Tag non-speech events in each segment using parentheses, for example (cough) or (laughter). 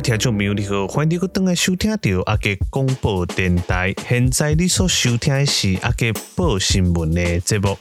聽眾朋友，你好。歡迎閣當來收聽到阿捷廣播電台。現在你所收聽的是阿捷報新聞的節目。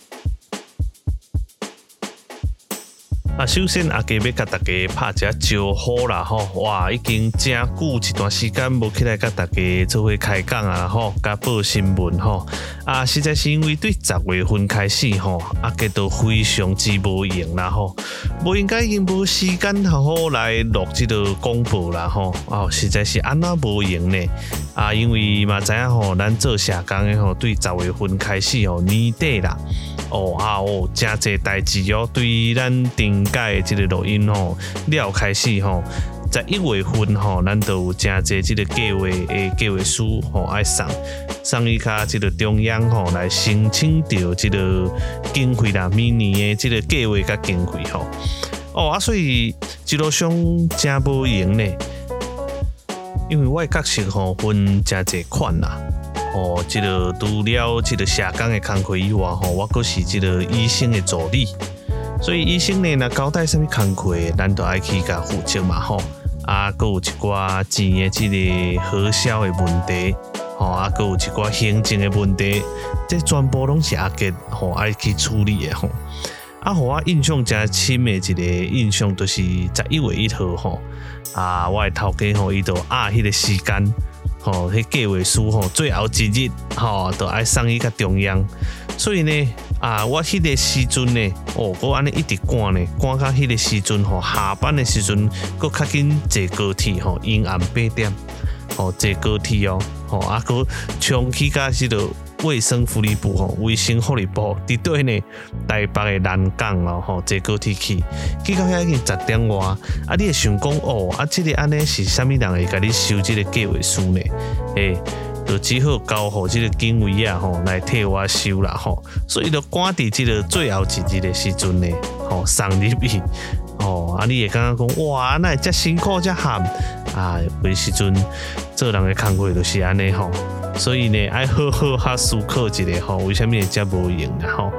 啊，首先阿捷要甲大家拍個招呼啦吼，哇，已經真久一段時間沒起來甲大家做會開講啊吼，甲報新聞吼、哦，啊，實在是因為對十月份開始吼、哦，阿捷都非常之無閒啦吼，無應該用無時間好，好來錄這個廣播啦吼，哦，實在是安怎無閒呢？啊，因為嘛知影吼、哦，咱做社工的吼，對十月份開始吼年底啦，哦啊哦，真濟代誌哦，對咱介個個錄音吼，了開始吼，在一月份吼，咱都有真儕即個計劃的計劃書吼愛送，送依卡即個中央吼來申請着即個經費啦，明年誒即個計劃甲經費吼。哦啊，所以即、這個上真不閒咧，因為我角色吼分真儕款啦、啊，吼、哦、即、這個除了即個社工誒工作以外吼，我閣是即個醫生誒助理。所以醫生呢，那交代啥物工課，咱都愛去甲負責嘛吼。啊，佫有一掛錢的這個核銷的問題，吼，啊，佫有一掛行政的問題，這全部攏是阿杰吼愛去處理的吼、哦。啊，好，我印象較深的一個印象就是十一月一號吼，啊，我頭家吼伊就壓、啊、迄個時間，吼、哦，迄計劃書吼，最後一日吼，都愛送伊個中央，所以呢。啊！我迄個時陣咧，哦，我安尼一直趕咧趕到迄個時陣吼，下班誒時陣，佮較緊坐高鐵吼，因暗八點，吼坐高鐵哦，吼、哦哦、啊佮從起家是到衛生福利部吼，衛、哦、生福利部佇對呢台北誒南港咯，吼、哦、坐高鐵去，去到遐已經十點外，啊，你也想講哦，啊，即、這個安尼是蝦米人會甲你收即個計劃書呢？誒、欸。就只好交互即個警衛啊吼來替我收啦吼，所以就趕佇即個最後一日的時陣呢吼、喔、送入去吼、喔，啊你會感覺講哇那也遮辛苦遮喊啊，有時陣做人的工課就是安尼吼，所以呢要好好下思考一下吼，為蝦米會這無用然吼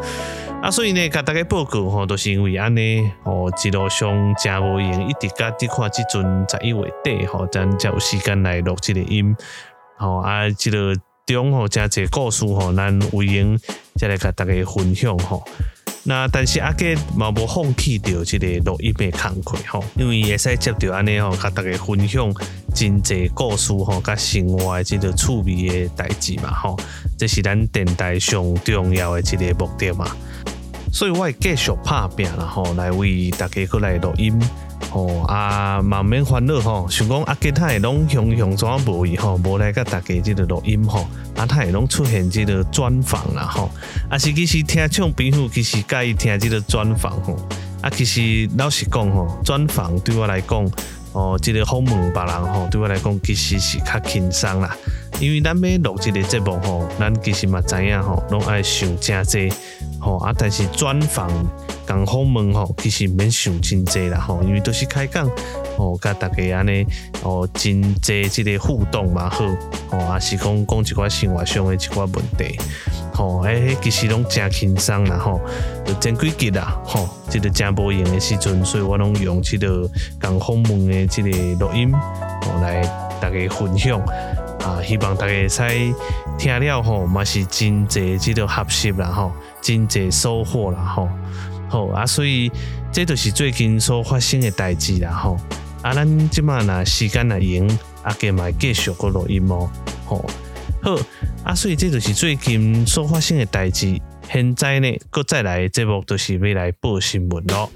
啊，所以呢給大家報告吼，都、喔就是因為安尼吼一路上遮無用，一直家己看即陣十一月底吼，咱、喔、才有時間來錄這個音。吼、哦、啊，即、這個中吼誠濟故事吼、哦，咱有閒則來甲逐個分享吼、哦。那但是阿捷嘛無放棄着即個錄音的功課吼，因為會使接着安尼吼，甲逐個分享真濟故事吼、哦，甲生活誒即個趣味誒代志嘛吼，這是咱電台上重要誒一個目的嘛。所以我會繼續拍拼啦吼，來為大家閣來錄音。吼、哦，啊，慢慢煩惱吼，想講啊，其他也能像像怎無以後無來給大家即個錄音吼，啊，他也攏出現這個專訪啦吼，啊，是其實聽唱評其實介聽這個專訪吼，啊，其實老實講吼，專訪對我來講，哦，這個訪問別人吼，對我來講其實是較輕鬆啦。因為咱要錄這個節目吼，咱其實嘛知影吼，攏愛想真多吼啊。但是專訪、共訪問吼，其實毋免想真多啦吼。因為都是開講吼，甲大家安尼哦，真多這個互動嘛好吼，也是講講一寡生活上的一寡問題吼。哎，其實攏真輕鬆啦吼，真貴吉啦吼，這個真無閒的時陣，所以我攏用這個共訪問的這個錄音，來大家分享。啊，希望大家在聽了吼、喔，嘛是真儕，即條學習啦吼，真儕收穫啦吼。好啊，所以這都是最近所發生的代志啦吼、喔。啊，咱即馬拿時間來用，啊、喔，捷買繼續個錄音哦，吼好啊，所以這都是最近所發生的代志。現在呢，擱再來節目都是要來報新聞咯。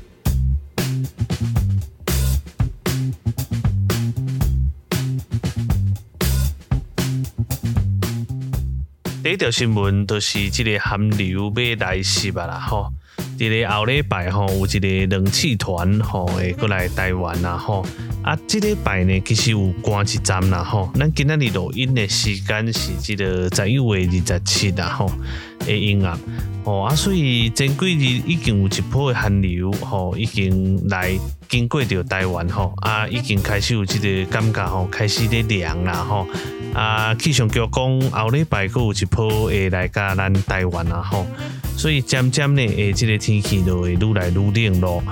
第一條新聞就是這個寒流要來是吧啦，吼，這個後禮拜吼有一個冷氣團吼會過來台灣啦，吼，啊，這禮拜呢其實有關一站啦，吼，咱今仔日錄音的時間是這個十一月二十七啦，吼，誒，音啊。哦啊，所以前幾日已經有一波的寒流，吼、哦，已經來經過着台灣，吼、哦、啊，已經開始有這個感覺，吼，開始咧涼啦，吼啊，氣象局講後禮拜閣有一波會來甲咱台灣啊，吼、哦，所以漸漸呢，誒，這個天氣就會愈來愈冷咯。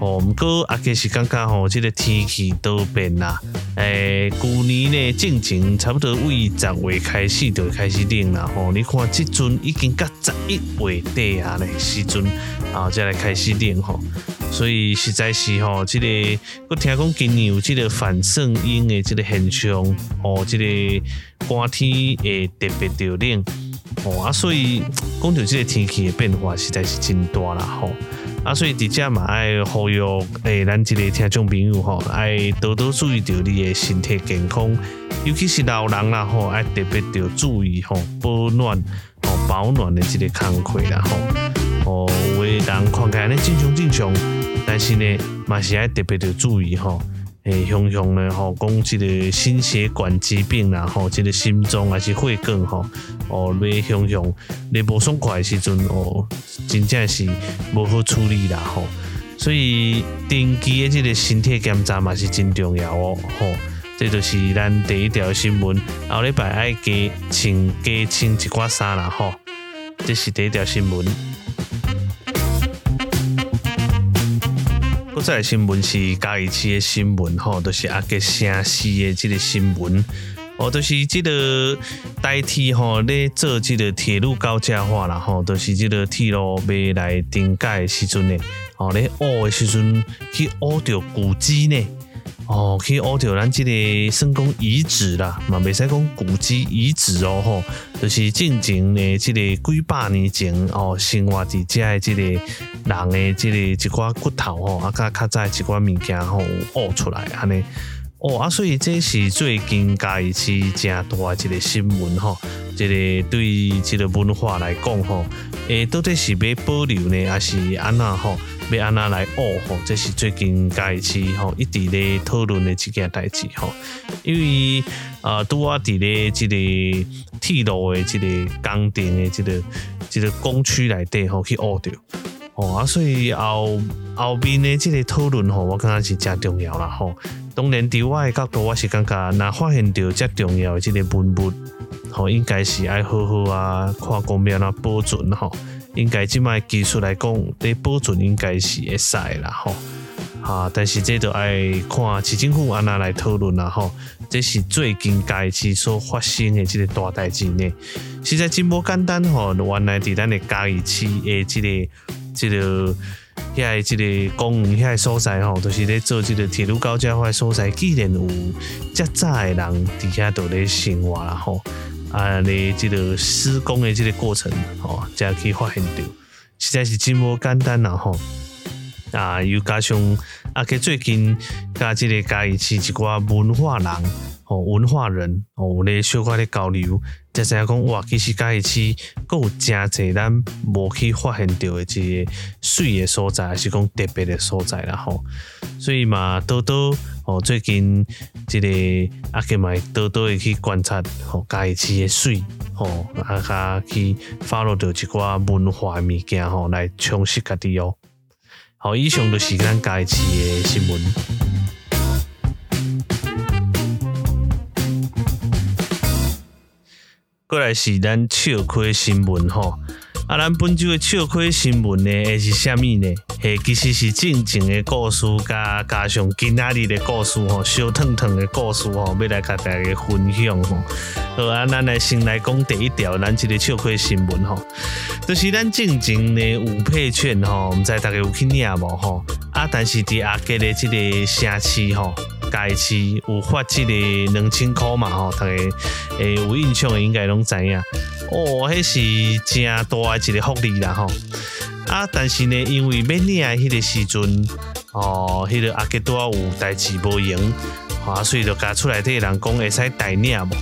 吼、哦，毋過啊，計是剛剛吼，這個天氣都有變啦。誒、欸，舊年咧正晴，差不多為十月開始就開始冷啦。吼、哦，你看即陣已經到十一月底啊咧時陣，然、哦、後再來開始冷吼、哦。所以實在是吼、哦，這個我聽講今年有這個反聖嬰的這個現象，哦，這個寒天會特別掉冷。哦啊，所以講到這個天氣的變化，實在是真大啦吼。哦啊，所以佇遮嘛愛呼籲誒，咱這個聽眾朋友吼，愛多多注意着你誒身體健康，尤其是老人啦吼，愛特別着注意吼保暖，吼保暖的這個工作啦吼，哦，有的人看起來呢，正常正常，但是呢，嘛是愛特別着注意吼。誒，熊熊咧吼，講即個心血管疾病啦吼，即、這個心臟還是血管吼，哦。你熊熊你無爽快時陣哦，真正是無好處理啦吼、哦。所以定期的即個身體檢查嘛是真重要哦吼、哦。這就是咱第一條新聞。後禮拜愛加穿加穿一寡衫啦吼、哦，這是第一條新聞。這個新聞是下一期的新聞吼，就是嘉義城市的這個新聞，哦，就是這個台鐵吼，在做這個鐵路高架化啦吼，就是這個鐵路未來停改時陣呢，哦，在挖的時陣去挖到古蹟呢。哦，去挖到咱這個申公遺址啦，嘛，未使講古蹟遺址哦吼、哦，就是正靜的這個幾百年前哦，生活在這的這個人的這個一寡骨頭吼，啊，甲較在一寡物件吼挖出來安尼，哦啊，所以這是最近加一次正大一個新聞吼，一、哦這個對這個文化來講吼，誒、欸，到底是未保留呢，還是安那吼？要安怎來挖吼，這是最近開始一直在討論的一件代志。因為呃，都我佇咧這個鐵路的、這個工程的、這個、這個工區內底去挖掉。所以後面咧這個討論，我感覺是真重要啦。當然，佇我的角度，我是感覺若發現到遮重要的這個文物，應該是要好好啊，看公平啊，保存。應該即賣技術來講，你保存應該是會使啦吼。啊，但是這都愛看市政府安那來討論啦吼。這是最近嘉義市所發生的這個大代志呢。實在真無簡單吼。原來在咱的嘉義市的這個、這個、遐、那個、這個公園遐個所在吼，都、就是在做這個鐵路高架塊所在，既然有遮早的人底下都在生活啦吼。啊，你即個施工誒，即個過程吼、哦、才去發現到，實在是真無簡單啦吼！啊，又加上啊，佮最近甲即個嘉義市一寡文化人吼、哦、文化人吼有咧小可咧交流，才知影講哇，其實嘉義市閣有誠濟咱無去發現到誒，這個水誒所在，還是講特別誒所在啦吼！所以嘛，都都。哦，最近這個阿捷咪多多去觀察，吼，嘉義市的水，吼，阿加去發落着一寡文化物件，吼，來充實家己哦。好，以上就是咱嘉義市的新聞。過來是咱笑詼的新聞，吼。啊，咱本周的笑虧新聞呢，也是蝦米呢？係、欸、其實是正經的故事，加加上今仔日的故事吼，燒燙燙的故事吼、哦，要來給大家分享吼。好、哦、啊，咱來先來講第一條，咱這個笑虧新聞吼、哦，就是咱正經的五倍券吼，我、哦、知在大家有去領無吼、哦、啊，但是佇阿吉的這個城市吼，假、哦、期有發這個兩千塊嘛吼、哦，大家誒有印象的應該攏知影。哦，迄是真大一個福利啦吼！啊，但是呢，因為要領迄個時陣，哦，迄、那個阿捷多有代志無閒，啊，所以就加出來替人講會使代領。無。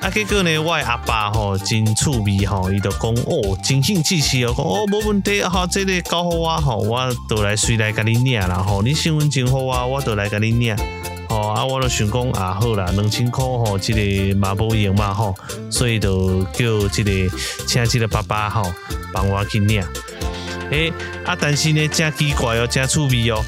啊，結果呢，我的阿爸吼真趣味吼，伊就講哦，真興趣氣哦，講哦無、哦、問題，好、哦，這個交、哦、互我吼，我都來隨來跟你領啦吼，你身份證好啊，我都來跟你領。哦，啊，我都想講啊，好啦，兩千塊吼、哦，即、這個嘛無用嘛吼、哦，所以就叫即、這個請即個爸爸吼、哦，幫我去領。誒、欸、啊，但是呢，真奇怪哦，真趣味哦。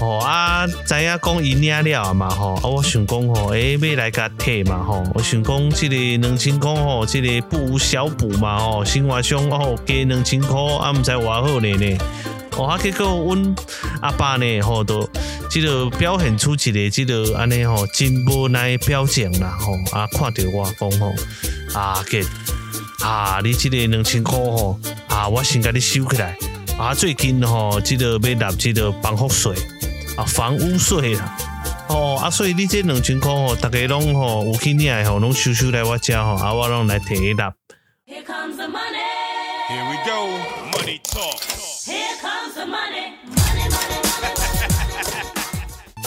吼、哦，啊，知影講伊領了嘛吼、哦，啊，我想講吼，誒、欸，要來甲退嘛吼、哦，我想講即個兩千塊吼、哦，即、這個不無小補嘛吼、哦，生活上哦加兩千塊，啊，毋知偌好呢呢，哦，啊，結果阮阿爸呢，吼、哦、多。即、這個表現出一個即個安尼吼，真無奈的表情啦吼，啊，看着我講吼，啊給啊，你即個兩千塊吼，啊，我先把你收起來，啊，最近吼，即、啊這個要納即個房屋稅，啊，房屋稅啦，哦，啊，所以你這兩千塊吼，大家攏吼有錢人吼，攏收收來我家吼，啊，我攏來提一納。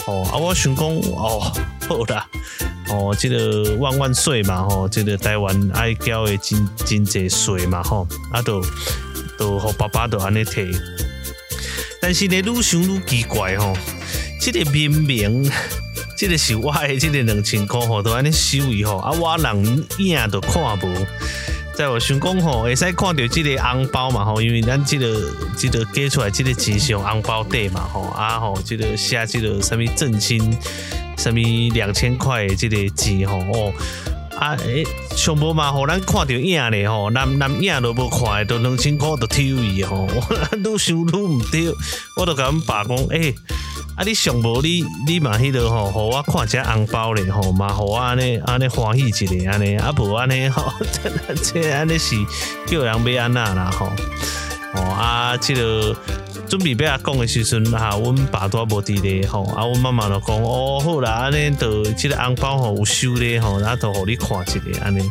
哦，啊，我想講，哦，好啦，哦，這個萬萬歲嘛，吼、哦，這個台灣愛交的真真儕歲嘛，吼、哦，啊，都都好爸爸都安尼摕。但是呢，愈想愈奇怪吼、哦，這個明明，這個是我的這，即個兩千塊我都安尼收伊吼，啊，我人影都看無。在我想講吼，會使看到這個紅包嘛吼，因為咱這個、這個寄出來這個錢是用紅包抵嘛吼，啊吼，這個寫這個什麼振興、什麼兩千塊這個錢吼哦。啊！誒、欸，上無嘛，互咱看着影咧吼，連連影都無看，着兩千箍，都、哦、抽伊吼，我愈想愈毋著，我都甲阮爸講誒，啊你你！你上無你你嘛迄落吼，互我看只紅包咧吼，嘛、哦，互我安尼安尼歡喜一下安尼，啊無安尼吼，這這安尼是叫人袂安那啦吼。哦。哦啊，即、這個準備要啊講嘅時陣，哈，阮爸都無滴咧，吼，啊，阮、啊、媽媽就講，哦，好啦，安尼都，這個紅包、哦、有收咧，吼、哦，然後都互你看一下，安尼，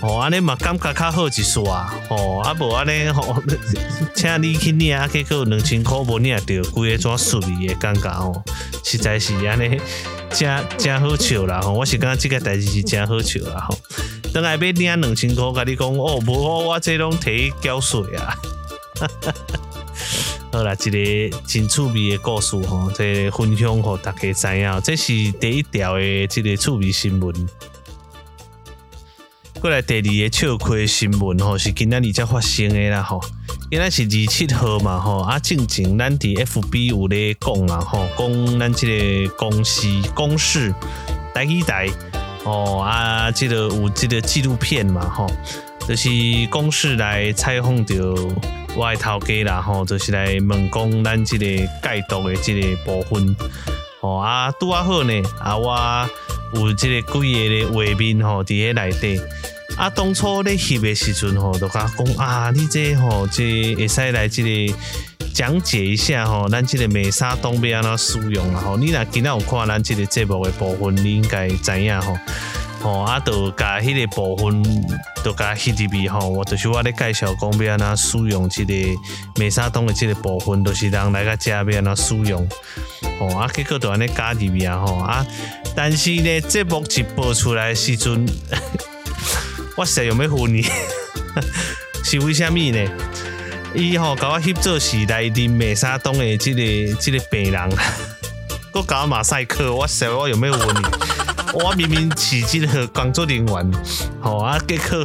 哦，安尼嘛感覺較好一索啊，哦，阿無阿恁，吼、哦，請你去領啊結果兩千塊無領也丟，故意裝淑女也尷尬哦，實在是安尼真真好笑啦，吼、哦，我是感覺這個代志是真好笑啦，吼、哦，等下要領兩千塊，跟你講，哦，唔好，我即種提交稅啊。 (laughs) 好啦，一個真趣味嘅故事吼、喔，即、這個、分享互大家知影，這是第一條嘅一個趣味新聞。過來第二個笑虧新聞吼、喔，是今仔日才發生嘅啦吼，今仔日是二七號嘛吼，啊，正正咱佇 F B 有咧講啊吼，講咱即個公司公示代幾代哦啊，即、這個有即個紀錄片嘛吼，就是公示來採訪到。我的頭家啦吼，就是來問講咱這個戒毒的這個部分吼啊，拄仔好呢啊，我有這個幾個的畫面吼，佇遐內底啊，當初你翕的時陣吼，就甲講啊，你這吼、個、這會、個、使來這個講解一下吼，咱、哦、這個美沙東邊啊，安怎使用啊吼，你若今仔有看咱這個節目的部分，你應該知影吼？哦吼、哦，啊，著甲迄個部分，著甲迄入米吼，我著是我咧介紹講欲安怎使用即個美沙東的即個部分，著、就是人來遮欲安怎使用。吼、哦。啊，結果著安尼加入米啊，吼、哦、啊，但是咧節目一播出來時陣， (laughs) 我死有咩混呢？ (laughs) 是為蝦米呢？伊吼甲我翕做時代的是來美沙東的即、這個即、這個病人，閣搞馬賽克，我死我有咩混？ (laughs) 我明明是這個工作人員，吼啊，傑克，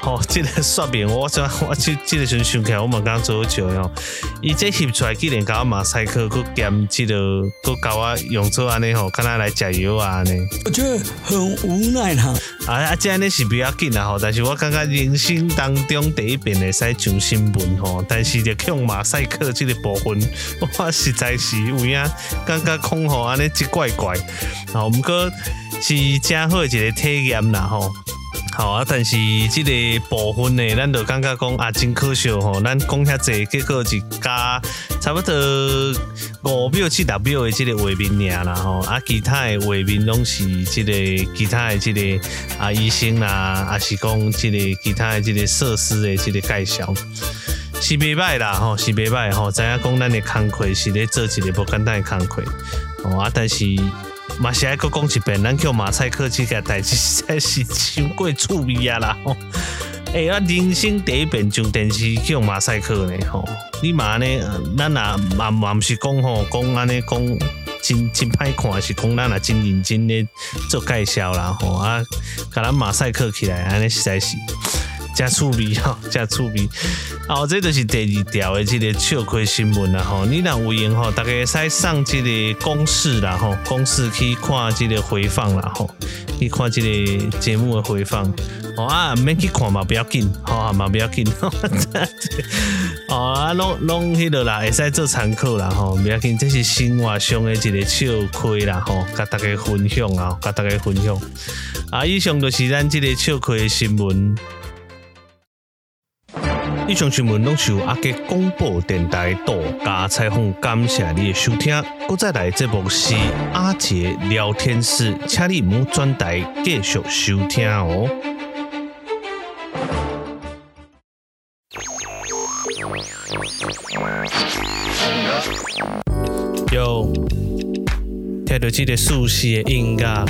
吼、哦，這個說明我我我這個我這個、我這個想起來我們剛做不久，吼，伊這攝出來竟然搞馬賽克，擱兼唔記得，擱搞我用做安尼吼，跟、哦、他來加油啊安尼。我覺得很無奈吶、啊。啊啊，這安、個、尼是比較緊啊吼，但是我感覺人生當中第一遍會使上新聞吼，但是就用馬賽克這個部分，我實在是有影感覺講吼安尼一怪怪，然、啊、毋過。是正好的一個體驗啦吼，好啊！但是這個部分呢，咱就感覺講啊，真可惜吼。咱講遐濟，結果是加差不多五秒七秒的這個畫面爾爾啦吼。啊，其他畫面攏是這個其他的這個啊，醫生啦，啊是講這個其他的這個設施的這個介紹，是袂歹啦吼，是袂歹吼。知影講咱的工作是咧做一個不簡單的工作哦啊，但是。嘛是啊，閣講一遍，咱叫馬賽克這個代志，實在是太過趣味啊啦！吼、欸，哎，啊，我人生第一遍上電視叫馬賽克呢。吼，你嘛呢？咱也嘛嘛毋是講吼，講安尼講真真歹看，是講咱也真認真嘞做介紹啦吼啊，甲咱馬賽克起來安尼實在是。真趣味哦，真趣味哦！這就是第二條的這個笑話新聞啦。吼，你若有閒吼，大家使上這個公式啦，吼，公式去看這個回放啦，吼，去看這個節目的回放。哦啊，免去看嘛，不要緊，好好嘛，不要緊。哦、嗯、 (laughs) 啊，攏攏去了啦，會使做參考啦，吼，不要緊。這是生活上的一個笑話啦，吼，跟大家分享啊，跟大家分享。啊，以上就是咱這個笑話的新聞。以上新聞都是由阿杰廣播電台獨家採訪，感謝你的收聽，再再來這部是阿杰聊天室，請你毋轉台繼續收聽哦。喲、嗯啊，Yo, 聽到這個舒適的音樂，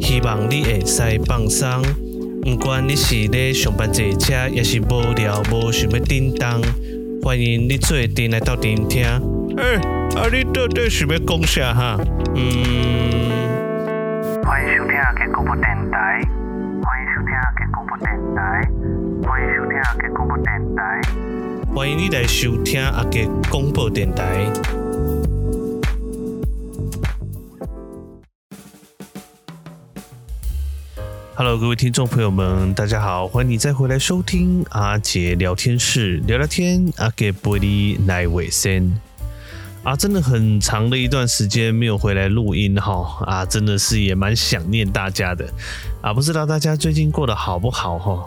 希望你會使放鬆。唔管你是咧上班坐車，也是無聊無想要叮噹，歡迎你做陣來鬥陣聽。誒、欸，啊，你到底想要講啥哈？嗯，歡迎收聽阿捷廣播電台，歡迎收聽阿捷廣播電台，歡迎收聽阿捷廣播電台，歡迎你來收聽阿捷廣播電台。Hello，各位聽眾朋友們，大家好，歡迎你再回來收聽阿捷聊天室聊聊天。阿捷波利奈偉森啊，真的很長的一段時間沒有回來錄音哈啊，真的是也蠻想念大家的啊，不知道大家最近過得好不好哈？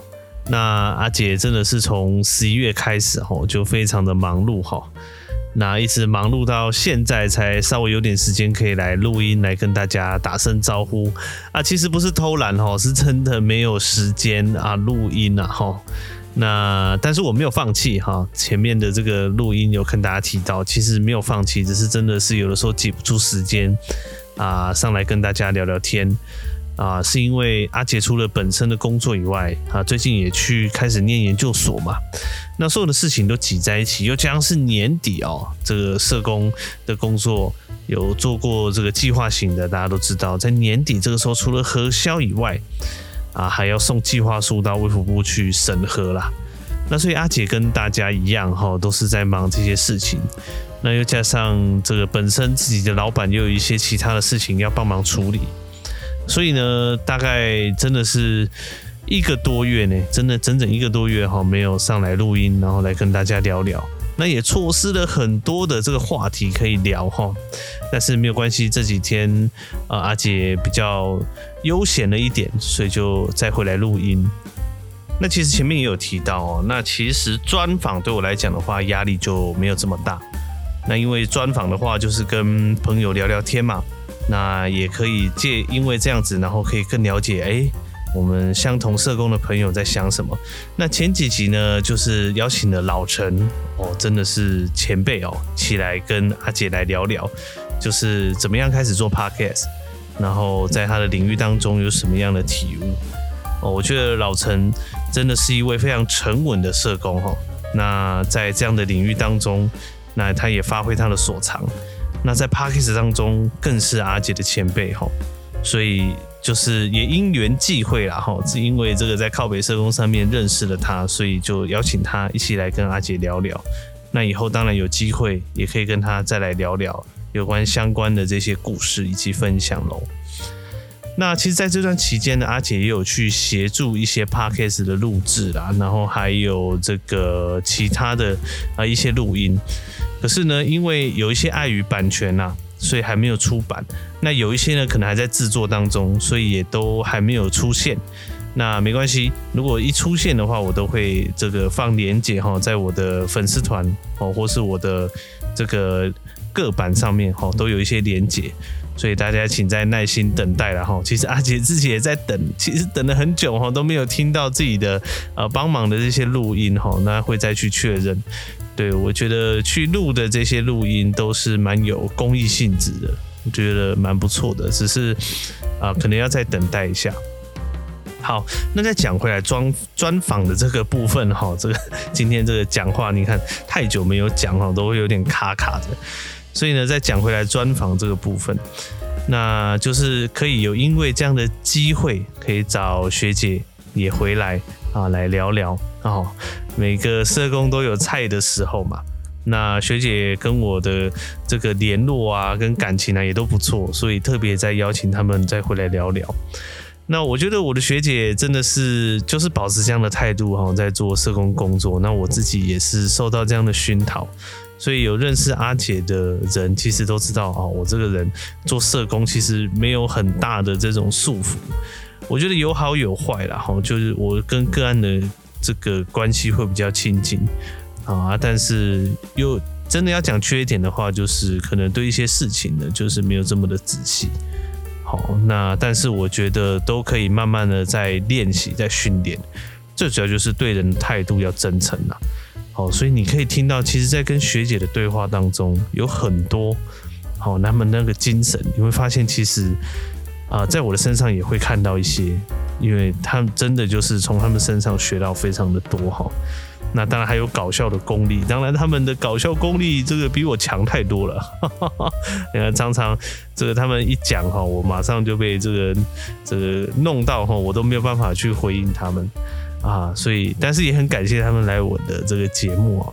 那阿捷，啊、真的是從十一月開始哈，就非常的忙碌哈。那一直忙碌到現在，才稍微有點時間可以來錄音，來跟大家打聲招呼啊！其實不是偷懶哦，是真的沒有時間啊，錄音啊，哈。那但是我沒有放棄哈，前面的這個錄音有跟大家提到，其實沒有放棄，只是真的是有的時候擠不出時間啊，上來跟大家聊聊天。啊，是因為阿捷除了本身的工作以外，啊，最近也去開始念研究所嘛。那所有的事情都擠在一起，又加上是年底哦，這個社工的工作有做過這個計劃型的，大家都知道，在年底這個時候，除了核銷以外，啊，還要送計劃書到衛福部去審核啦。那所以阿捷跟大家一樣哈、哦，都是在忙這些事情。那又加上這個本身自己的老板又有一些其他的事情要幫忙處理。所以呢，大概真的是一個多月呢，真的整整一個多月哈，沒有上來錄音，然後來跟大家聊聊，那也錯失了很多的這個話題可以聊哈。但是沒有關係，這幾天啊、呃，阿捷比較悠閒了一點，所以就再回來錄音。那其實前面也有提到哦，那其實專訪對我來講的話，壓力就沒有這麼大。那因為專訪的話，就是跟朋友聊聊天嘛。那也可以借，因為這樣子，然後可以更了解，哎，我們相同社工的朋友在想什麼。那前幾集呢，就是邀請了老陳，哦，真的是前輩哦，起來跟阿捷來聊聊，就是怎麼樣開始做 podcast，然後在他的領域當中有什麼樣的體悟。哦，我覺得老陳真的是一位非常沉穩的社工哈、哦。那在這樣的領域當中，那他也發揮他的所長。那在 Podcast 當中更是阿捷的前輩，所以就是也因緣際會啦，是因為這個在靠北社工上面認識了他，所以就邀請他一起來跟阿捷聊聊。那以後當然有機會也可以跟他再來聊聊有關相關的這些故事以及分享嘍。那其實在這段期間呢，阿捷也有去協助一些 Podcast 的錄製啦，然後還有這個其他的啊一些錄音。可是呢，因為有一些礙於版權啦、啊，所以還沒有出版。那有一些呢，可能還在製作當中，所以也都還沒有出現。那沒關係，如果一出現的話，我都會這個放鏈接哈，在我的粉絲團哦，或是我的這個個版上面哈，都有一些鏈接。所以大家請再耐心等待了哈。其實阿捷自己也在等，其實等了很久哈，都沒有聽到自己的呃幫忙的這些錄音哈。那會再去確認。對，我覺得去錄的這些錄音都是蠻有公益性質的，我覺得蠻不錯的。只是啊，呃，可能要再等待一下。好，那再講回來專，專訪的這個部分哈，這個今天這個講話你看，太久沒有講哈，都會有點卡卡的。所以呢，再講回來專訪這個部分，那就是可以有因為這樣的機會，可以找學姐也回來啊，來聊聊哦。每個社工都有菜的時候嘛，那學姐跟我的這個聯絡啊，跟感情啊也都不錯，所以特別再邀請他們再回來聊聊。那我覺得我的學姐真的是就是保持這樣的態度哈、哦，在做社工工作，那我自己也是受到這樣的熏陶。所以有認識阿捷的人，其實都知道啊，我這個人做社工其實沒有很大的這種束縛。我覺得有好有壞啦，就是我跟個案的這個關係會比較親近啊，但是又真的要講缺點的話，就是可能對一些事情呢，就是沒有這麼的仔細。好，那但是我覺得都可以慢慢的在練習，在訓練。最主要就是對人的態度要真誠啦。哦，所以你可以聽到，其實，在跟學姐的對話當中，有很多好，他們那個精神，你會發現，其實啊，在我的身上也會看到一些，因為他們真的就是從他們身上學到非常的多。哈，那當然還有搞笑的功力，當然他們的搞笑功力這個比我強太多了。你看，常常這個他們一講哈，我馬上就被這個這個弄到哈，我都沒有辦法去回應他們。啊，所以，但是也很感謝他們來我的這個節目啊。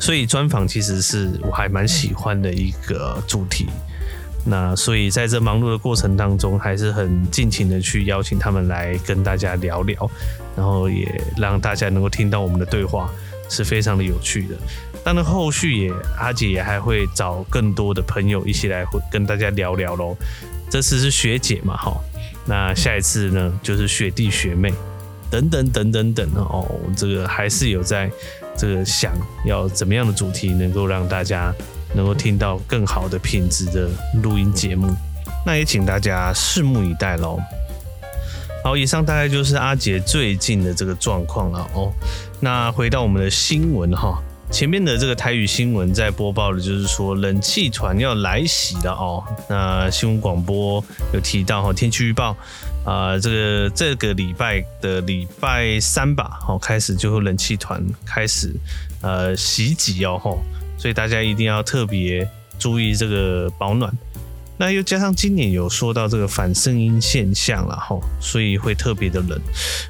所以專訪其實是我還蠻喜歡的一個主題。那所以在這忙碌的過程當中，還是很盡情的去邀請他們來跟大家聊聊，然後也讓大家能夠聽到我們的對話，是非常的有趣的。當然後續也阿捷也還會找更多的朋友一起來跟大家聊聊嘍。這次是學姐嘛，哈，那下一次呢，就是學弟學妹。等等等等等哦，這個還是有在這個想要怎麼樣的主題，能夠讓大家能夠聽到更好的品質的錄音節目，嗯，那也請大家拭目以待嘍。好，以上大概就是阿捷最近的這個狀況了哦。那回到我們的新聞哈，前面的這個台語新聞在播報的就是說冷氣團要來襲了哦。那新聞廣播有提到哈天氣預報。啊、呃，這個這個禮拜的禮拜三吧，好，開始就會冷氣團開始呃襲擊哦吼，所以大家一定要特別注意這個保暖。那又加上今年有說到這個反聖嬰現象了吼，所以會特別的冷。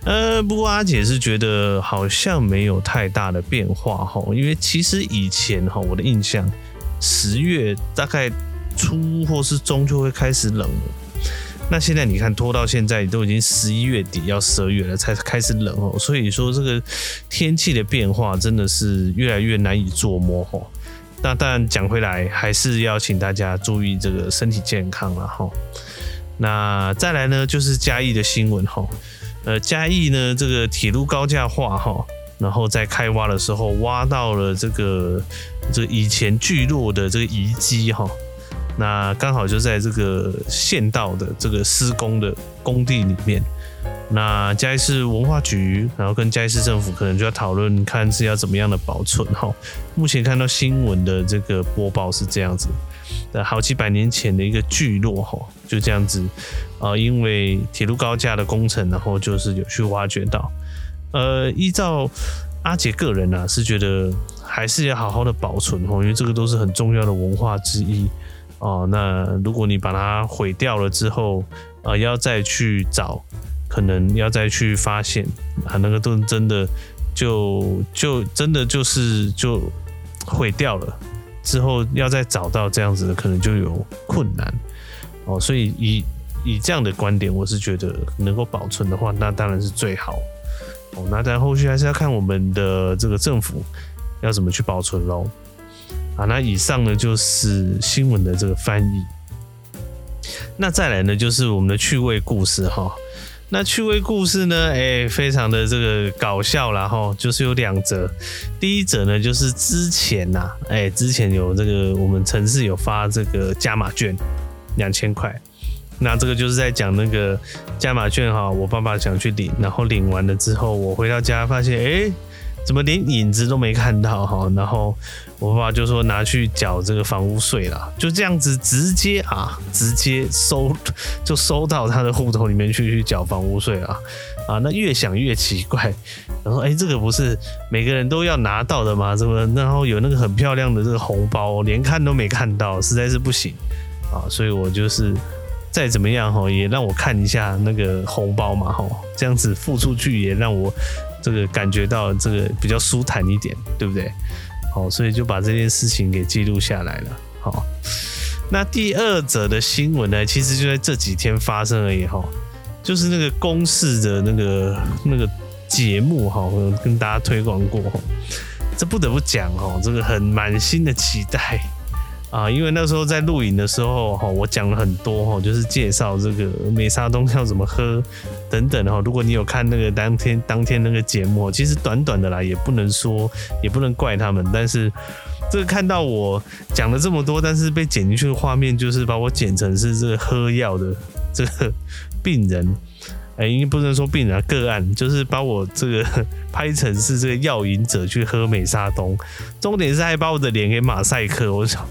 呃，不過阿捷是覺得好像沒有太大的變化吼，因為其實以前哈，我的印象，十月大概初或是中就會開始冷了。那現在你看，拖到現在都已經十一月底，要十二月了才開始冷哦。所以說這個天氣的變化真的是越來越難以捉摸哈。那但講回來，還是要請大家注意這個身體健康了哈。那再來呢，就是嘉義的新聞哈。呃，嘉義呢，這個鐵路高架化哈，然後在開挖的時候挖到了這個這個以前聚落的這個遺跡哈。那剛好就在這個縣道的這個施工的工地裡面，那嘉義市文化局，然後跟嘉義市政府可能就要討論，看是要怎麼樣的保存哈。目前看到新聞的這個播報是這樣子，好幾百年前的一個聚落哈，就這樣子啊、呃，因為鐵路高架的工程，然後就是有去挖掘到，呃，依照阿捷個人呢、啊、是覺得還是要好好的保存哈，因為這個都是很重要的文化之一。哦，那如果你把它毀掉了之後，呃，要再去找，可能要再去發現啊，那個洞真的就就真的就是就毀掉了，之後要再找到這樣子的，可能就有困難哦。所以以以這樣的觀點，我是覺得能夠保存的話，那當然是最好哦。那在後續還是要看我們的這個政府要怎麼去保存嘍。啊，那以上呢就是新聞的這個翻譯。那再來呢，就是我們的趣味故事哈。那趣味故事呢，哎、欸，非常的這個搞笑啦哈。就是有兩則，第一則呢，就是之前吶、啊，哎、欸，之前有這個我們城市有發這個加碼券，兩千塊。那這個就是在講那個加碼券哈，我爸爸想去領，然後領完了之後，我回到家發現，哎、欸，怎麼連影子都沒看到哈？然後。我爸爸就說拿去繳這個房屋稅了，就這樣子直接啊，直接收就收到他的戶頭裡面去去繳房屋稅啊啊！那越想越奇怪，然後誒、欸，這個不是每個人都要拿到的嗎？怎麼？然後有那個很漂亮的這個紅包，連看都沒看到，實在是不行啊！所以我就是再怎麼樣哈，也讓我看一下那個紅包嘛吼，這樣子付出去也讓我這個感覺到這個比較舒坦一點，對不對？好，所以就把這件事情給記錄下來了。好，那第二則的新聞呢，其實就在這幾天發生而已哈。就是那個公視的那個那個節目哈，我跟大家推廣過。這不得不講哈，這個很滿心的期待啊，因為那時候在錄影的時候哈，我講了很多哈，就是介紹這個美沙東要怎麼喝。等等哈、哦，如果你有看那個當天當天那個節目，其實短短的啦，也不能說也不能怪他們。但是這個看到我講了這麼多，但是被剪進去的畫面，就是把我剪成是這個喝藥的這個病人，哎、欸，應該不能說病人啊，個案，就是把我這個拍成是這個藥癮者去喝美沙酮。重點是還把我的臉給馬賽克，我想。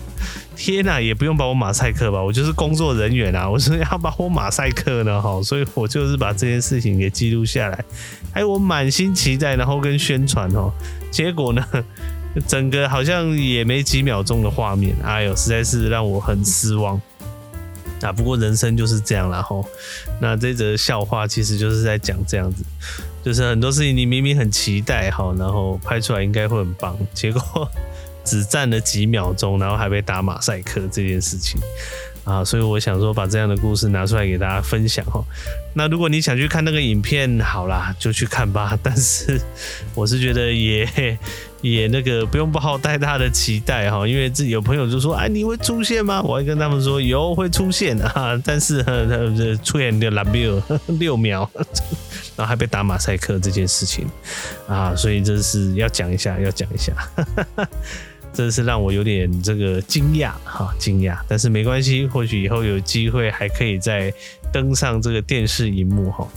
天吶、啊，也不用把我馬賽克吧，我就是工作人員啊，我說要把我馬賽克呢？哈，所以我就是把這件事情給記錄下來。哎，我滿心期待，然後跟宣傳哦，結果呢，整個好像也沒幾秒鐘的畫面，哎呦，實在是讓我很失望。啊，不過人生就是這樣啦。哈。那這則笑話其實就是在講這樣子，就是很多事情你明明很期待哈，然後拍出來應該會很棒，結果。只站了幾秒鐘，然後還被打馬賽克這件事情啊，所以我想說把這樣的故事拿出來給大家分享哈、喔。那如果你想去看那個影片，好啦，就去看吧。但是我是覺得也也那個不用抱太大的期待哈、喔，因為有朋友就說：“哎、欸，你會出現嗎？”我還跟他們說：“有會出現啊。”但是他出演的蘭比六秒，然後還被打馬賽克這件事情啊，所以這是要講一下，要講一下。呵呵真是讓我有點這個驚訝哈，驚訝，但是沒關係，或許以後有機會還可以再登上這個電視熒幕哈。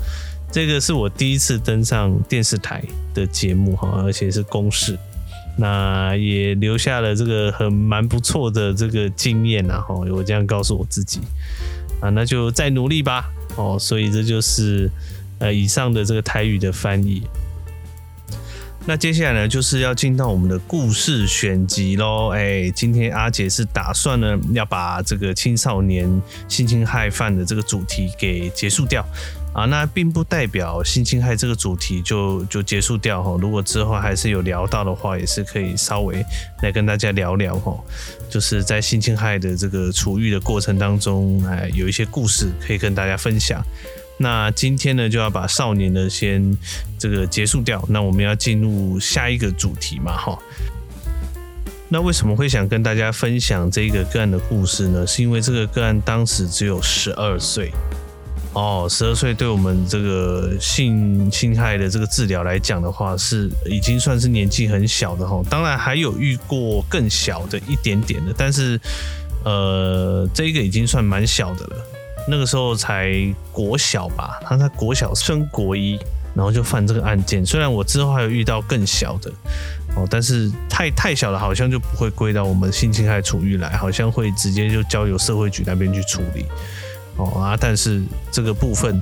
這個是我第一次登上電視台的節目哈，而且是公視。那也留下了這個很蠻不錯的這個經驗了，我這樣告訴我自己啊，那就再努力吧哦。所以這就是呃以上的這個台語的翻譯。那接下來呢，就是要進到我們的故事選集嘍。哎、欸，今天阿捷是打算呢，要把這個青少年性侵害犯的這個主題給結束掉啊。那並不代表性侵害這個主題就就結束掉哈。如果之後還是有聊到的話，也是可以稍微來跟大家聊聊哈。就是在性侵害的這個處遇的過程當中，哎、欸，有一些故事可以跟大家分享。那今天呢，就要把少年的先這個結束掉。那我們要進入下一個主題嘛，哈。那為什麼會想跟大家分享這個個案的故事呢？是因為這個個案當時只有十二歲。哦，十二歲對我們這個性侵害的這個治療來講的話，是已經算是年紀很小的哈。當然還有遇過更小的一點點的，但是呃，這個已經算蠻小的了。那個時候才國小吧，他在國小升國一，然後就犯這個案件。雖然我之後還有遇到更小的哦，但是太太小了，好像就不會歸到我們性侵害處遇來，好像會直接就交由社會局那邊去處理哦啊。但是這個部分，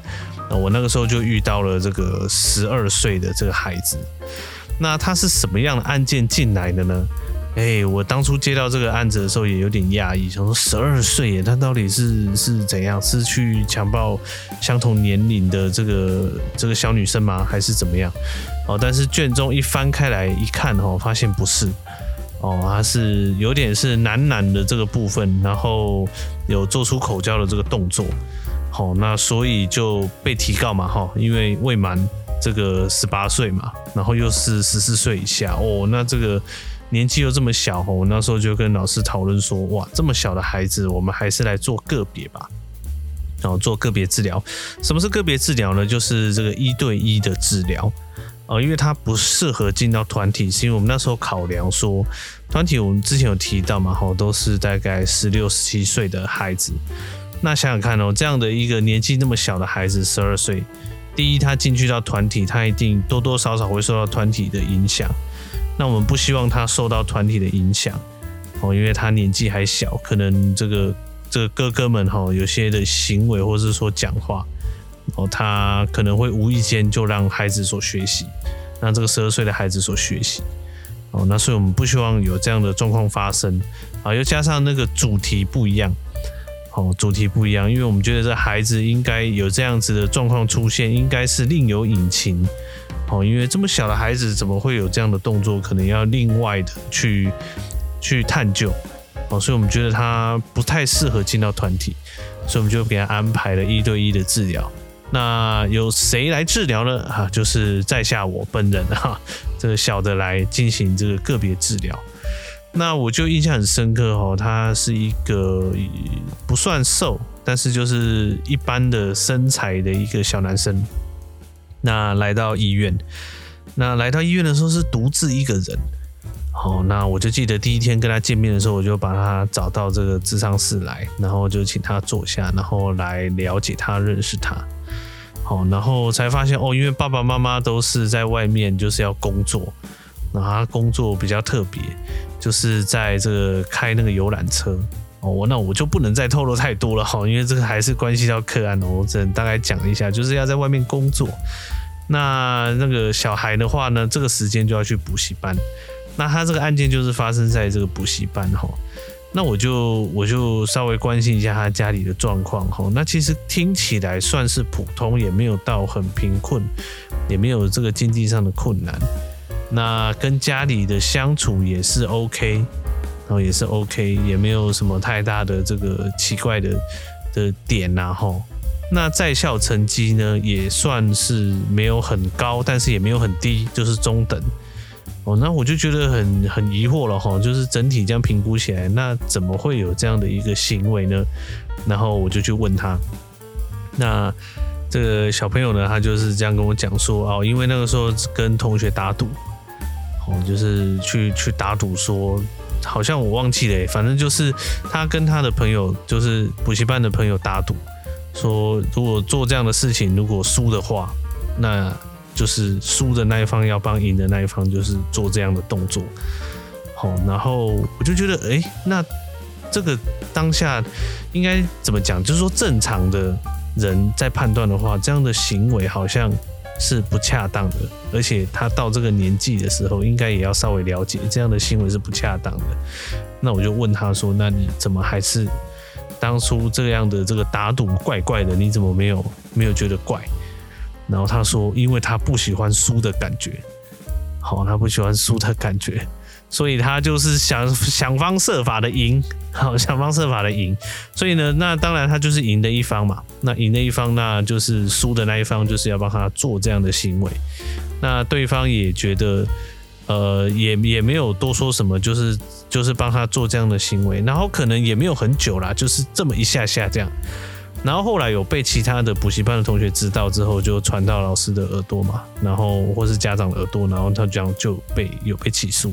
我那個時候就遇到了這個十二歲的這個孩子，那他是什麼樣的案件進來的呢？誒、欸，我當初接到這個案子的時候也有點訝異，想說十二歲耶，他到底是是怎樣，是去強暴相同年齡的這個這個小女生嗎，還是怎麼樣？哦，但是卷宗一翻開來一看哦，發現不是哦，他是有點是男男的這個部分，然後有做出口交的這個動作，好、哦，那所以就被提告嘛哈，因為未滿這個十八歲嘛，然後又是十四歲以下哦，那這個。年紀又這麼小，我那時候就跟老師討論說：“哇，這麼小的孩子，我們還是來做個別吧，然後做個別治療。什麼是個別治療呢？就是這個一對一的治療。呃，因為他不適合進到團體，是因為我們那時候考量說，團體我們之前有提到嘛，吼，都是大概十六、十七歲的孩子。那想想看哦，這樣的一個年紀那麼小的孩子，十二歲，第一他進去到團體，他一定多多少少會受到團體的影響。”那我們不希望他受到團體的影響，哦，因為他年紀還小，可能這個這個哥哥們哈，有些的行為或是說講話，哦，他可能會無意間就讓孩子所學習，讓這個十二歲的孩子所學習，哦，那所以我們不希望有這樣的狀況發生啊，又加上那個主題不一樣。哦，主題不一樣，因為我們覺得這孩子應該有這樣子的狀況出現，應該是另有隱情。哦，因為這麼小的孩子怎麼會有這樣的動作？可能要另外的去去探究。哦，所以我們覺得他不太適合進到團體，所以我們就給他安排了一對一的治療。那由誰來治療呢？哈，就是在下我本人哈，這個小的來進行這個個別治療。那我就印象很深刻哦，他是一個不算瘦，但是就是一般的身材的一個小男生。那來到醫院，那來到醫院的時候是獨自一個人。好，那我就記得第一天跟他見面的時候，我就把他找到這個諮商室來，然後就請他坐下，然後來了解他、認識他。好，然後才發現哦，因為爸爸媽媽都是在外面，就是要工作。他，工作比較特別，就是在這個開那個遊覽車哦。那我就不能再透露太多了哈，因為這個還是關係到個案哦。我只能大概講一下，就是要在外面工作。那那個小孩的話呢，這個時間就要去補習班。那他這個案件就是發生在這個補習班哈。那我就我就稍微關心一下他家裡的狀況哈。那其實聽起來算是普通，也沒有到很貧困，也沒有這個經濟上的困難。那跟家裡的相處也是 OK，然後，哦，也是 OK，也沒有什麼太大的這個奇怪的的點啊。那在校成績呢，也算是沒有很高，但是也沒有很低，就是中等。哦，那我就覺得很很疑惑了哈，就是整體這樣評估起來，那怎麼會有這樣的一個行為呢？然後我就去問他，那這個小朋友呢，他就是這樣跟我講說哦，因為那個時候跟同學打賭。哦，就是去去打賭說，好像我忘記了、欸，反正就是他跟他的朋友，就是補習班的朋友打賭，說如果做這樣的事情，如果輸的話，那就是輸的那一方要幫贏的那一方，就是做這樣的動作。好，然後我就覺得，誒、欸，那這個當下應該怎麼講？就是說，正常的人在判斷的話，這樣的行為好像。是不恰當的，而且他到這個年紀的時候，應該也要稍微了解這樣的行為是不恰當的。那我就問他說：“那你怎麼還是當初這樣的這個打賭怪怪的？你怎麼沒有沒有覺得怪？”然後他說：“因為他不喜歡輸的感覺，好、哦，他不喜歡輸的感覺。”所以他就是想想方設法的贏，好想方設法的贏。所以呢，那當然他就是贏的一方嘛。那贏的一方，那就是輸的那一方，就是要幫他做這樣的行為。那對方也覺得，呃，也也沒有多說什麼，就是就是幫他做這樣的行為。然後可能也沒有很久啦，就是這麼一下下這樣。然後後來有被其他的補習班的同學知道之後，就傳到老師的耳朵嘛，然後或是家長的耳朵，然後他這樣就有被有被起訴，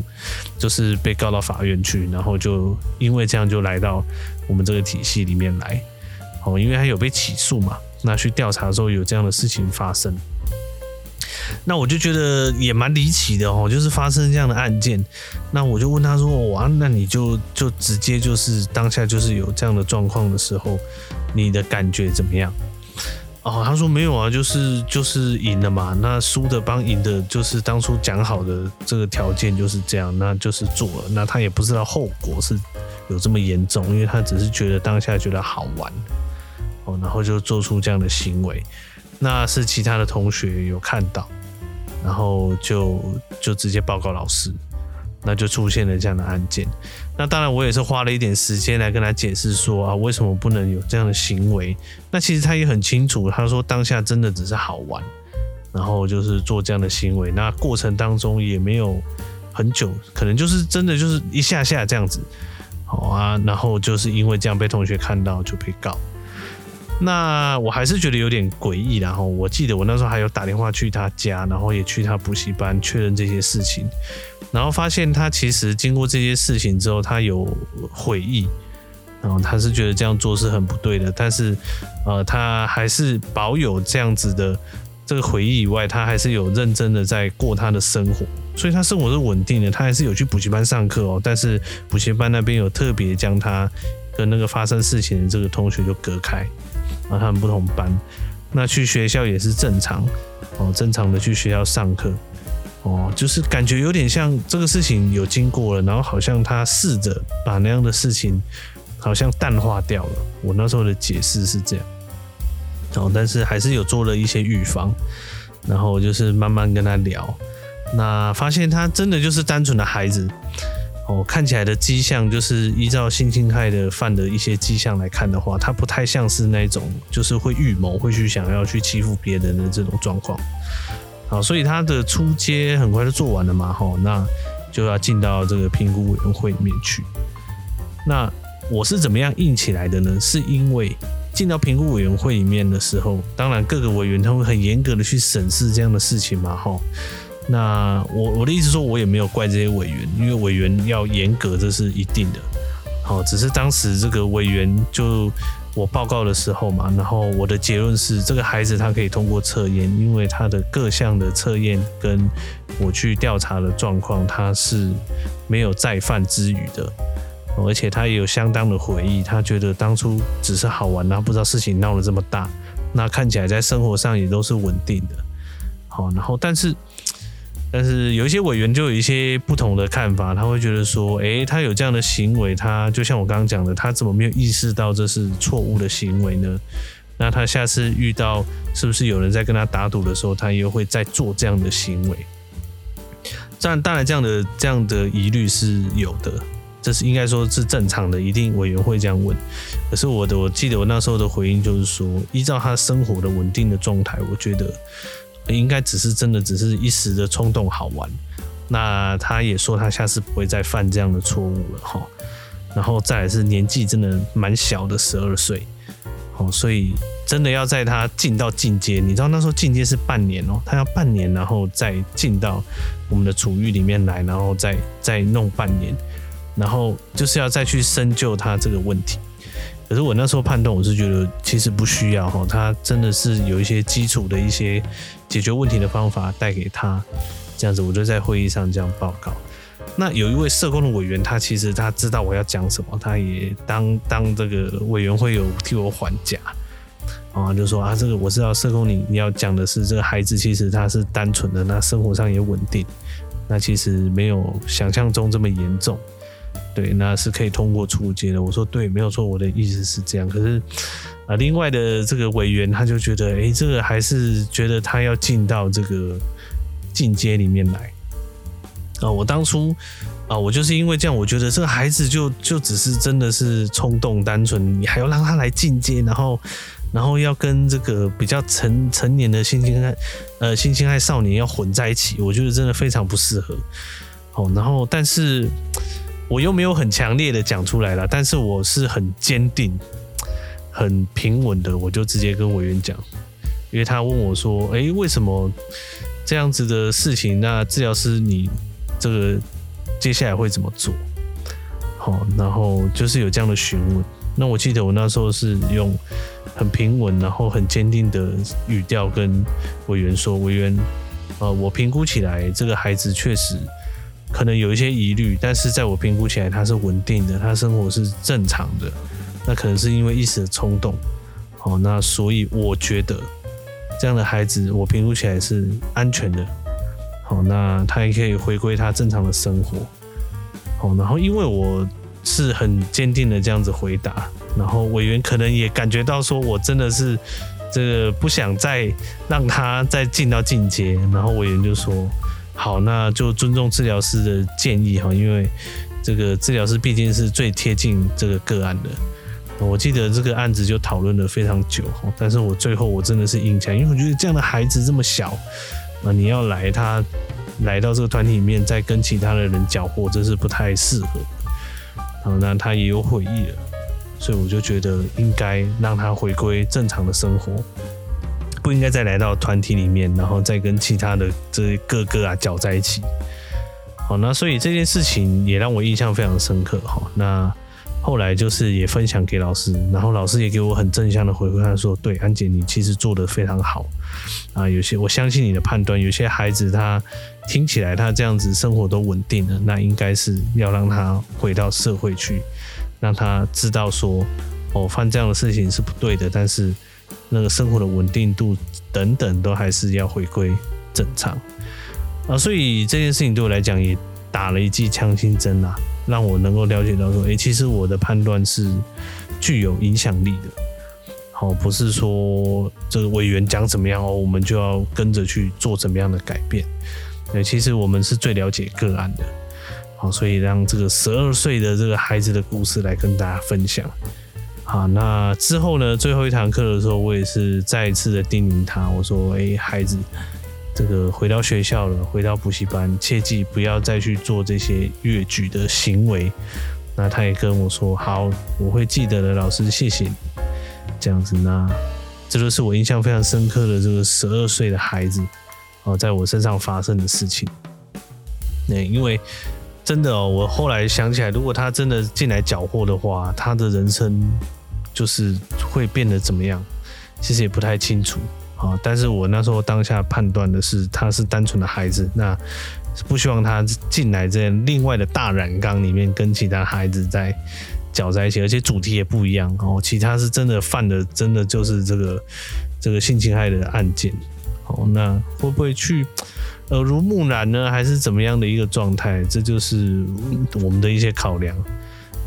就是被告到法院去，然後就因為這樣就來到我們這個體系裡面來，哦，因為他有被起訴嘛，那去調查的時候有這樣的事情發生。那我就覺得也蠻離奇的哦，就是發生這樣的案件。那我就問他說：“哇，那你就就直接就是當下就是有這樣的狀況的時候，你的感覺怎麼樣？”哦，他說：“沒有啊，就是就是贏了嘛。那輸的幫贏的，就是當初講好的這個條件就是這樣，那就是做了。那他也不知道後果是有這麼嚴重，因為他只是覺得當下覺得好玩哦，然後就做出這樣的行為。那是其他的同學有看到。”然後就就直接報告老師，那就出現了這樣的案件。那當然，我也是花了一點時間來跟他解釋說啊，為什麼不能有這樣的行為？那其實他也很清楚，他說當下真的只是好玩，然後就是做這樣的行為。那過程當中也沒有很久，可能就是真的就是一下下這樣子。好啊。然後就是因為這樣被同學看到就被告。那我還是覺得有點詭異，然後我記得我那時候還有打電話去他家，然後也去他補習班確認這些事情，然後發現他其實經過這些事情之後，他有悔意，然後他是覺得這樣做是很不對的。但是，呃，他還是保有這樣子的這個回憶以外，他還是有認真的在過他的生活，所以他生活是穩定的。他還是有去補習班上課哦，但是補習班那邊有特別將他跟那個發生事情的這個同學就隔開。啊，他們不同班，那去學校也是正常，哦，正常的去學校上課，哦，就是感覺有點像這個事情有經過了，然後好像他試着把那樣的事情好像淡化掉了。我那時候的解釋是這樣，哦，但是還是有做了一些預防，然後就是慢慢跟他聊，那發現他真的就是單純的孩子。哦，看起來的跡象就是依照性侵害的犯的一些跡象來看的話，他不太像是那種就是會預謀、會去想要去欺負別人的這種狀況。好，所以他的初階很快就做完了嘛，哈，那就要進到這個評估委員會裡面去。那我是怎麼樣硬起來的呢？是因為進到評估委員會裡面的時候，當然各個委員他們會很嚴格的去審視這樣的事情嘛，哈。那我我的意思說，我也沒有怪這些委員，因為委員要嚴格，這是一定的。好，只是當時這個委員就我報告的時候嘛，然後我的結論是，這個孩子他可以通過測驗，因為他的各項的測驗跟我去調查的狀況，他是沒有再犯之虞的，而且他也有相當的悔意，他覺得當初只是好玩，然後不知道事情鬧得這麼大。那看起來在生活上也都是穩定的。好，然後但是。但是有一些委員就有一些不同的看法，他會覺得說：“誒，他有這樣的行為，他就像我剛剛講的，他怎麼沒有意識到這是錯誤的行為呢？那他下次遇到是不是有人在跟他打賭的時候，他又會再做這樣的行為？”但當然，當然，這樣的這樣的疑慮是有的，這是應該說是正常的，一定委員會這樣問。可是我的，我記得我那時候的回應就是說，依照他生活的穩定的狀態，我覺得。應該只是真的只是一時的衝動好玩，那他也說他下次不會再犯這樣的錯誤了哈，然後再來是年紀真的蠻小的十二歲，好，所以真的要在他進到進階，你知道那時候進階是半年哦，他要半年然後再進到我們的處遇裡面來，然後再再弄半年，然後就是要再去深究他這個問題。可是我那時候判斷，我是覺得其實不需要哈，他真的是有一些基礎的一些解決問題的方法帶給他，這樣子我就在會議上這樣報告。那有一位社工的委員，他其實他知道我要講什麼，他也當當這個委員會有替我還價，啊，就說啊，這個我知道社工你你要講的是這個孩子其實他是單純的，那生活上也穩定，那其實沒有想象中這麼嚴重。對，那是可以通過初階的。我說對，沒有錯，我的意思是這樣。可是啊、呃，另外的這個委員他就覺得，哎、欸，這個還是覺得他要進到這個進階裡面來啊、呃。我當初啊、呃，我就是因為這樣，我覺得這個孩子就就只是真的是衝動單純，你還要讓他來進階，然後然後要跟這個比較成成年的性侵害呃性侵害少年要混在一起，我覺得真的非常不適合。哦，然後但是。我又沒有很強烈的講出來啦，但是我是很堅定、很平穩的，我就直接跟委員講，因為他問我說：“誒，為什麼這樣子的事情？那治療師你這個接下來會怎麼做？”好，然後就是有這樣的詢問。那我記得我那時候是用很平穩、然後很堅定的語調跟委員說：“委員，呃，我評估起來這個孩子確實。”可能有一些疑慮，但是在我評估起來，他是穩定的，他生活是正常的。那可能是因為一時的衝動，好，那所以我覺得這樣的孩子，我評估起來是安全的。好，那他也可以回歸他正常的生活。好，然後因為我是很堅定的這樣子回答，然後委員可能也感覺到說我真的是這個不想再讓他再進到進階，然後委員就說。好，那就尊重治療師的建議哈，因為這個治療師畢竟是最貼近這個個案的。我記得這個案子就討論了非常久哈，但是我最後我真的是硬起來，因為我覺得這樣的孩子這麼小啊，你要來他來到這個團體裡面，再跟其他的人攪和，這是不太適合。好，那他也有悔意了，所以我就覺得應該讓他回歸正常的生活。不應該再來到團體裡面，然後再跟其他的這個個啊攪在一起。好，那所以這件事情也讓我印象非常深刻哈。那後來就是也分享給老師，然後老師也給我很正向的回饋，他說：“對，阿捷，你其實做得非常好啊。有些我相信你的判斷，有些孩子他聽起來他這樣子生活都穩定了，那應該是要讓他回到社會去，讓他知道說哦，犯這樣的事情是不對的。”但是。那個生活的穩定度等等，都還是要回歸正常啊。所以這件事情對我來講，也打了一劑強心針啊，讓我能夠了解到說，誒，其實我的判斷是具有影響力的。好，不是說這個委員講怎麼樣哦，我們就要跟着去做怎麼樣的改變。其實我們是最了解個案的。好，所以讓這個十二歲的這個孩子的故事來跟大家分享。好，那之後呢？最後一堂課的時候，我也是再一次的叮嚀他，我說：“哎、欸，孩子，這個回到學校了，回到補習班，切記不要再去做這些越矩的行為。”那他也跟我說：“好，我會記得的，老師，謝謝你。”這樣子呢，那這都是我印象非常深刻的這個十二歲的孩子哦，在我身上發生的事情。那、欸、因為。真的哦，我後來想起來，如果他真的進來攪和的話，他的人生就是會變得怎麼樣？其實也不太清楚啊。但是我那時候當下判斷的是，他是單純的孩子，那不希望他進來這另外的大染缸裡面，跟其他孩子在攪在一起，而且主題也不一樣哦。其他是真的犯的，真的就是這個這個性侵害的案件。哦。那會不會去？耳濡目染呢，還是怎麼樣的一個狀態？這就是我們的一些考量。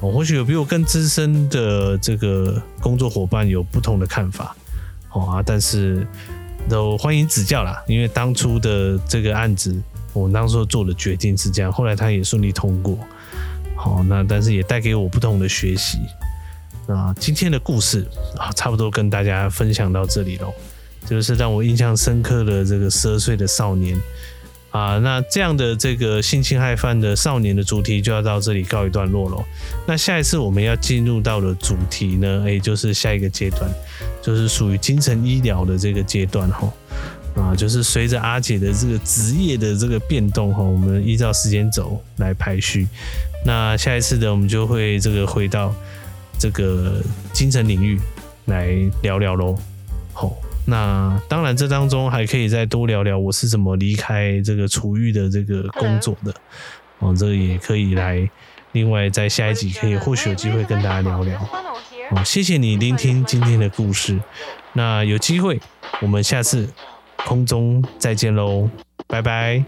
或許有比我更資深的這個工作夥伴有不同的看法。好啊，但是都歡迎指教啦。因為當初的這個案子，我當時做的決定是這樣，後來他也順利通過。好，那但是也帶給我不同的學習。那今天的故事啊，差不多跟大家分享到這裡嘍。就是讓我印象深刻的這個十二歲的少年啊，那這樣的這個性侵害犯的少年的主題就要到這裡告一段落嘍。那下一次我們要進入到的主題呢？誒、欸，就是下一個階段，就是屬於精神醫療的這個階段吼。啊，就是隨着阿捷的這個職業的這個變動吼，我們依照時間軸來排序。那下一次的我們就會這個回到這個精神領域來聊聊嘍。吼。那當然，這當中還可以再多聊聊我是怎麼離開這個廚藝的這個工作的，哦，這個也可以來，另外在下一集可以或許有機會跟大家聊聊。哦，謝謝你聆聽今天的故事，那有機會我們下次空中再見嘍，拜拜。